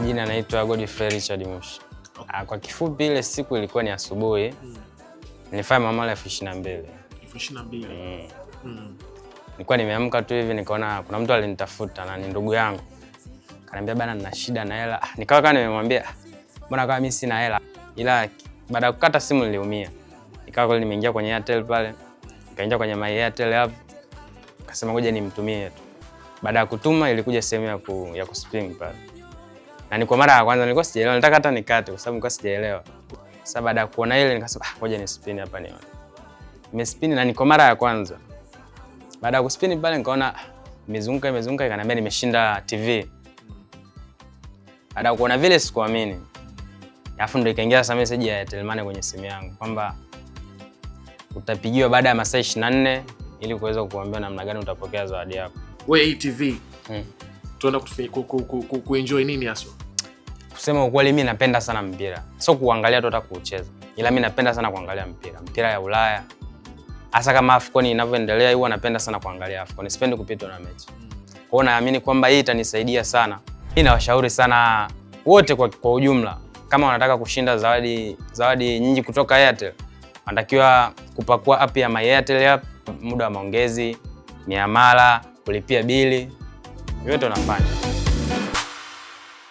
Majina anaitwa Godfrey Richard Mushi. Okay. Ah, kwa kifupi, ile siku ilikuwa ni asubuhi mm. nilifanya Mama elfu ishirini na mbili mm. mm. nilikuwa nimeamka tu hivi nikaona kuna mtu alinitafuta na ni ndugu yangu, kaniambia bana, nina shida na hela. Ah, nikawa kama nimemwambia mbona kama mimi sina hela, ila baada ya kukata simu niliumia, nikawa kweli nimeingia kwenye Airtel pale, nikaingia kwenye my Airtel app, akasema ngoja nimtumie tu. Baada ya kutuma ilikuja sehemu ya, ku, ya kuspring pale na ni kwa mara ya kwanza nilikuwa sijaelewa, nataka hata nikate kwa sababu nilikuwa sijaelewa. Sasa baada ya kuona ile nikasema, ah, ngoja ni spin hapa nione. Nimespin na ni kwa mara ya kwanza. Baada ya kuspin pale nikaona ah, imezunguka imezunguka, ikaniambia nimeshinda TV. Baada ya kuona vile sikuamini. Alafu ndio ikaingia sasa message ya Airtel Money kwenye simu yangu kwamba utapigiwa baada ya masaa 24 ili kuweza kuambiwa namna gani utapokea zawadi yako. Wewe hii TV. Hmm tuenda kuenjoy nini haswa? Kusema ukweli, mi napenda sana mpira, sio kuangalia tu, hata kuucheza, ila mi napenda sana kuangalia mpira, mpira ya Ulaya hasa kama AFCON inavyoendelea, huwa napenda sana kuangalia AFCON, sipendi kupitwa na mechi. Mm. kwao. naamini kwamba hii itanisaidia sana. Mi nawashauri sana wote kwa, kwa ujumla, kama wanataka kushinda zawadi zawadi nyingi kutoka Airtel, wanatakiwa kupakua app ya My Airtel app, muda wa maongezi, miamala, kulipia bili yote unafanya